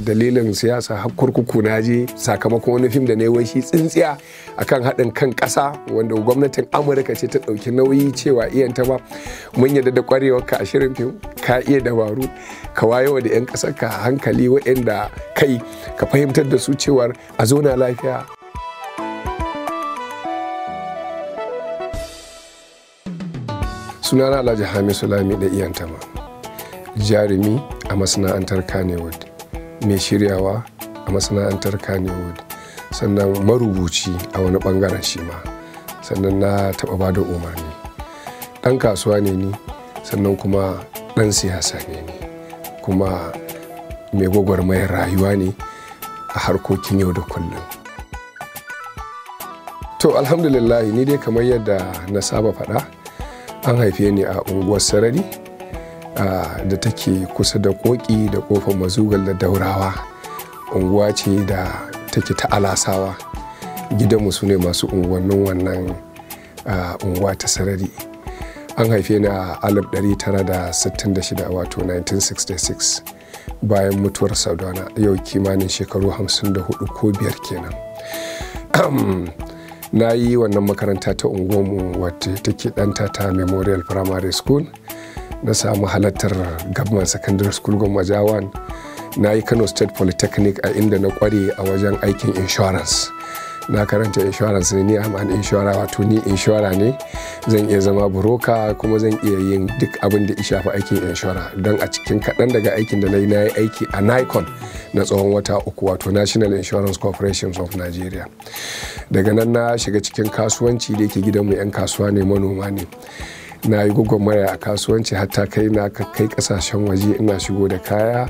dalilin siyasa har kurkuku na je sakamakon wani fim da na yi shi tsintsiya akan haɗin kan ƙasa wanda gwamnatin amurka ce ta ɗauki nauyi cewa iyan ta ba mun yadda da ƙwarewar ka a shirin fim ka iya dabaru ka wayo da 'yan ƙasar ka hankali waɗanda kai ka fahimtar da su cewar a zona lafiya sunana alhaji hamisu lami da iyan tama jarumi a masana'antar kanewood mai shiryawa a masana'antar kanewood sannan marubuci a wani bangaren shi ma sannan na taɓa ba da umarni ɗan kasuwa ne ni sannan kuma ɗan siyasa ne ni kuma mai gwagwarmayar rayuwa ne a harkokin yau da kullum to alhamdulillah ni dai kamar yadda na saba faɗa an haife ni a unguwar sarari da take kusa da koki da kofar mazugal da daurawa unguwa ce da take ta alasawa gidanmu su ne masu unguwannin wannan ah, unguwa ta sarari an haife ni a 1966 wato 1966 bayan mutuwar saudana yau kimanin shekaru 54 ko biyar kenan na yi wannan makaranta ta unguwarmu wata take ɗanta ta memorial primary school na samu halartar government secondary school goma jawan na yi kano state polytechnic a inda na kware a wajen aikin insurance na karanta insurance ne ni am an inshora wato ni inshora ne zan iya zama buroka kuma zan iya yin duk abin da ya shafi aikin inshora don a cikin kaɗan daga aikin da na yi na yi aiki a nikon na tsawon wata uku wato national insurance corporation of nigeria daga nan na shiga cikin kasuwanci da yake mu 'yan kasuwa ne manoma ne na yi gwagwarmaya a kasuwanci hatta kai na kai kasashen waje ina shigo da kaya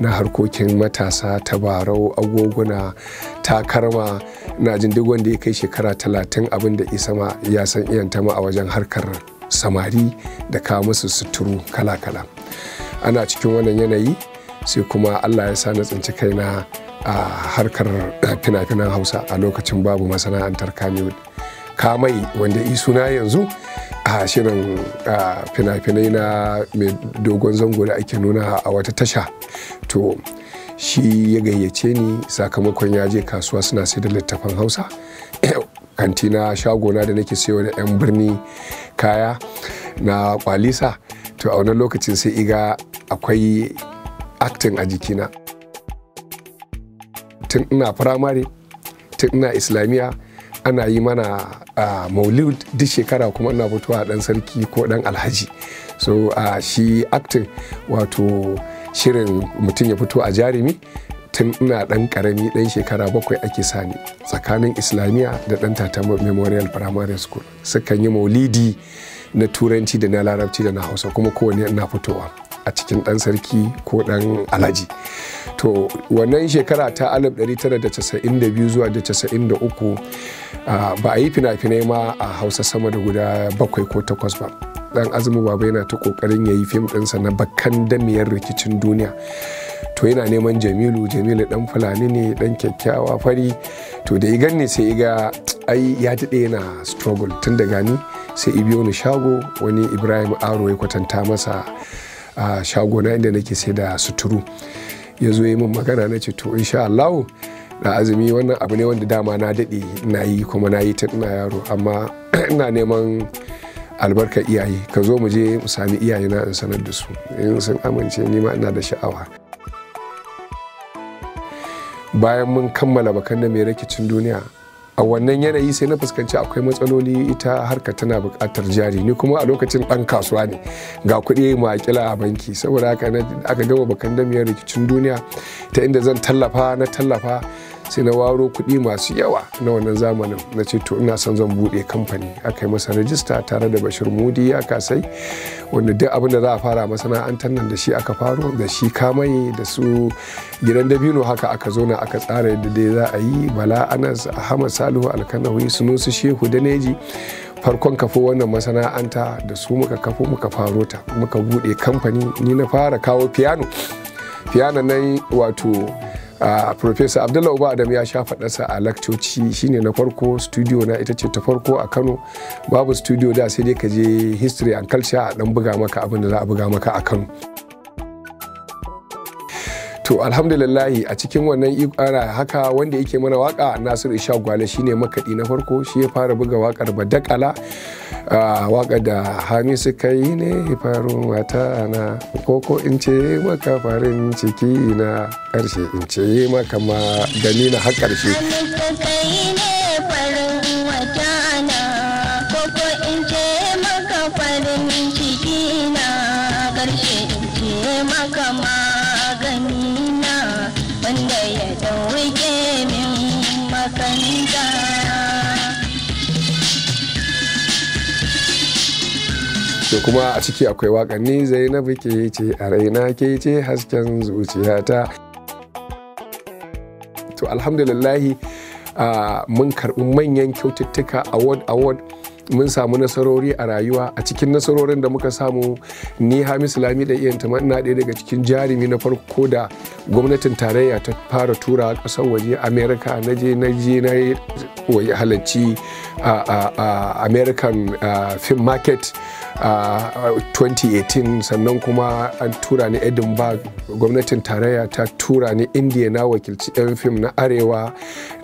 na harkokin matasa tabarau agoguna takarma na jin duk wanda ya kai shekara talatin abin da isa ya san iyanta ma a wajen harkar samari da kawo musu suturu kala-kala ana cikin wannan yanayi sai kuma allah ya sa na tsinci kaina a harkar fina-finan hausa a lokacin babu masana'antar kamai wanda isuna yanzu a shirin fina-finai na mai dogon zango da ake nuna a wata tasha to shi ya gayyace ni sakamakon ya je kasuwa suna sai da littafan hausa Kanti kantina shagona da nake sayo da 'yan birni kaya na kwalisa to a wani lokacin sai iga akwai acting a jikina tun ina firamare tun ina islamiyya ana yi mana a maulid duk shekara kuma ina fitowa dan sarki ko dan alhaji so shi acting wato shirin mutum ya fito a jarumi tun ina dan karami dan shekara bakwai ake sani tsakanin islamiyya da dan tata memorial primary school sukan yi maulidi na turanci da na larabci da na hausa kuma kowane ina fitowa a cikin ɗan sarki ko dan alhaji to wannan shekara ta 1992 zuwa da uku ba a yi fina-finai ma a hausa sama da guda bakwai ko takwas ba dan azumi baba yana ta kokarin ya yi fim ɗinsa na bakan damiyar rikicin duniya to yana neman jamilu jamilu dan fulani ne dan kyakkyawa fari to da igan ne sai iga ai ya daɗe yana struggle tun daga ni sai ibiyo ni shago wani ibrahim aro ya kwatanta masa a shagona inda nake sai da suturu ya zo yi min magana na ce to insha Allah da azumi wannan abu ne wanda dama na daɗe na yi kuma na yi tun ina yaro amma ina neman albarkar iyaye ka zo mu je mu sami iyaye na in sanar da su in sun amince ni ma ina da sha'awa bayan mun kammala bakan da mai rikicin duniya a wannan yanayi sai na fuskanci akwai matsaloli ita harka tana bukatar jari ni kuma a lokacin ɗan kasuwa ne ga kuɗi makila a banki saboda haka aka gama bakan damiyar rikicin duniya ta inda zan tallafa na tallafa sai na waro kuɗi masu yawa na wannan zamanin na ce to ina son zan buɗe kamfani aka yi masa rajista tare da bashir mudi ya kasai wanda duk abin da za a fara masana'antar nan da shi aka faro da shi kamai da su gidan dabino haka aka zo na aka tsara yadda dai za a yi bala anas ahmad salihu alkanawi sunusu shehu daneji farkon kafo wannan masana'anta da su muka kafo muka faro ta muka buɗe kamfani ni na fara kawo fiyano fiyano nan wato Uh, Professor Abdullahi Uba Adam ya sha faɗarsa a lakcoci shine na farko studio na ita ce ta farko a Kano babu studio da sai dai ka je history and culture a ɗan buga maka abin da za a buga maka a Kano. to alhamdulillahi a cikin wannan ana haka wanda yake mana waka nasiru isha gwale shine makaɗi na farko shi ya fara buga wakar badakala ah, waka da hamisu kai ne farin wata na koko in ce maka farin ciki na ƙarshe in ce maka ma na har ƙarshe da kuma a ciki akwai wakanni zainabu ke ce a raina ke ce hasken zuciyata to alhamdulillahi mun karɓi manyan kyaututtuka award award mun samu nasarori a rayuwa a cikin nasarorin da muka samu ni hamis lami da iyan tamar na ɗaya daga cikin jarumi na farko da gwamnatin tarayya ta fara tura ƙasar waje america na je na je na halarci american film market a 2018 sannan kuma an tura ni edinburgh gwamnatin tarayya ta tura ni india na wakilci 'yan fim na arewa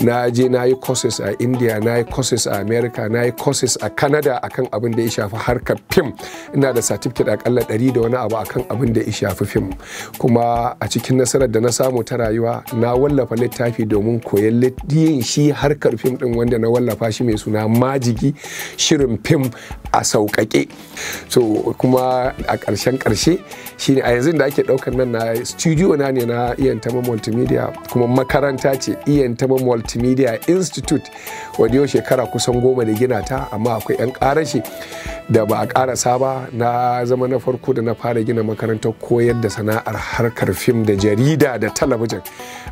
na je na yi courses a india na yi courses a america na yi courses a canada akan abin da ya shafi harkar fim ina da certificate akalla 100 da wani abu akan abin da ya shafi fim kuma a cikin nasarar da na samu ta rayuwa na wallafa littafi domin koyan yin shi harkar fim din wanda na wallafa shi mai suna majigi shirin fim a sauƙaƙe so kuma a ƙarshen ƙarshe shine a yanzu da ake ɗaukar nan na studio na ne na iyan tama multimedia kuma makaranta ce iyan tama multimedia institute wadda yau shekara kusan goma da gina ta amma akwai 'yan ƙarashi da ba a ƙarasa ba na zama na farko da na fara gina makarantar koyar da sana'ar harkar fim da jarida da talabijin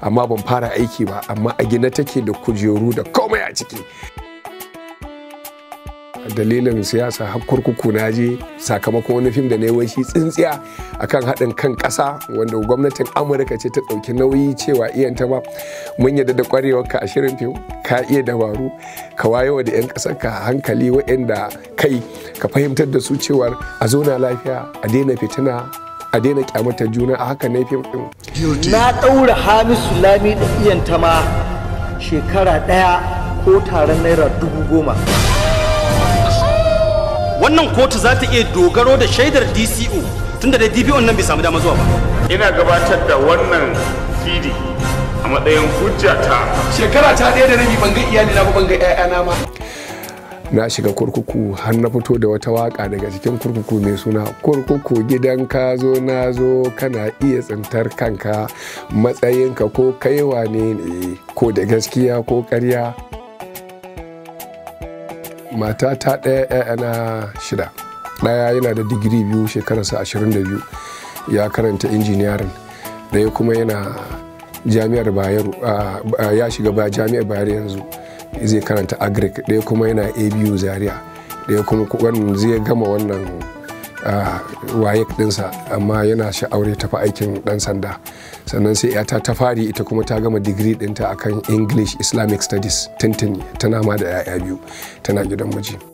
amma ban fara aiki ba amma a gina take da kujeru da komai a ciki dalilin siyasa har kurkuku na je sakamakon wani fim da na yi shi tsintsiya akan haɗin kan ƙasa wanda gwamnatin amurka ce ta ɗauki nauyi cewa iyan ta ma mun yadda da ƙwarewar ka a shirin fim ka iya dabaru ka wayewa da 'yan ƙasar ka hankali waɗanda kai ka fahimtar da su cewa a zauna lafiya a daina fitina a daina kyamatar juna a haka ne fim ɗin. na ɗaura hamisu lami da iyan ta ma shekara ɗaya ko taron naira dubu goma. wannan kotu za ta iya dogaro da shaidar dco tunda da dpo nan bai samu dama zuwa ba ina gabatar da wannan cd a matsayin hujjata shekara ta ɗaya da rabi ban ga iyali na ban ga ƴaƴana ma na shiga kurkuku har na fito da wata waka daga cikin kurkuku mai suna kurkuku gidan ka zo na zo kana iya tsintar kanka matsayinka ko kaiwa ne ne ko da gaskiya ko karya mata ta ɗaya ‘ya'yana shida ɗaya yana da digiri biyu shekararsa 22 ya karanta injiniyarin ɗaya kuma yana jami'ar bayero ya shiga ba jami'ar bayero yanzu zai karanta agric ɗaya kuma yana abu zaria ɗaya kuma zai gama wannan waye ɗinsa amma yana sha'aure tafi aikin ɗan sanda sannan sai yata ta fari ita kuma ta gama digiri ɗinta akan english islamic studies tintin tana ma da 'ya'ya biyu tana gidan miji.